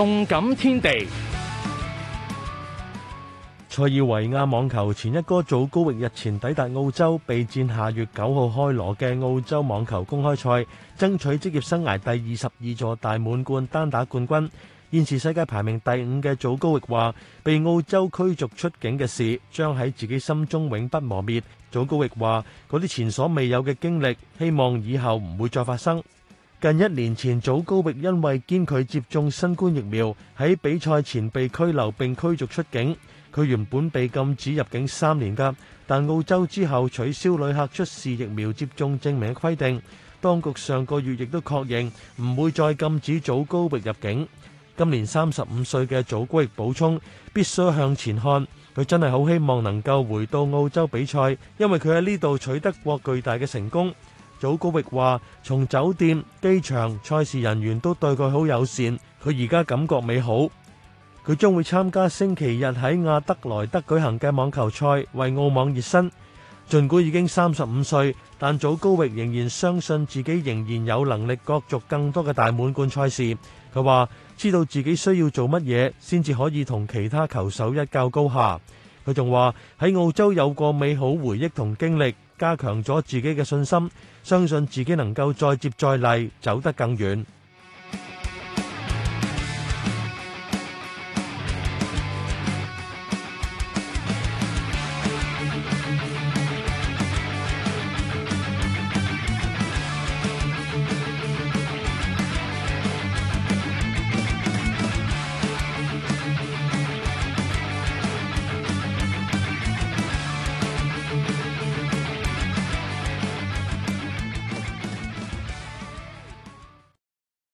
動感天地。塞爾維亞網球前一哥祖高域日前抵達澳洲，備戰下月九號開鑼嘅澳洲網球公開賽，爭取職業生涯第二十二座大滿貫單打冠軍。現時世界排名第五嘅祖高域話，被澳洲驅逐出境嘅事，將喺自己心中永不磨滅。祖高域話，嗰啲前所未有嘅經歷，希望以後唔會再發生。近一年前，祖高域因為堅拒接種新冠疫苗，喺比賽前被拘留並驅逐出境。佢原本被禁止入境三年噶，但澳洲之後取消旅客出示疫苗接種證明嘅規定。當局上個月亦都確認唔會再禁止祖高域入境。今年三十五歲嘅祖高域補充：必須向前看，佢真係好希望能夠回到澳洲比賽，因為佢喺呢度取得過巨大嘅成功。祖高域話：從酒店、機場、賽事人員都對佢好友善，佢而家感覺美好。佢將會參加星期日喺亞德萊德舉行嘅網球賽，為澳網熱身。盡管已經三十五歲，但祖高域仍然相信自己仍然有能力角逐更多嘅大滿貫賽事。佢話知道自己需要做乜嘢，先至可以同其他球手一較高下。佢仲話喺澳洲有個美好回憶同經歷。加強咗自己嘅信心，相信自己能夠再接再厲，走得更遠。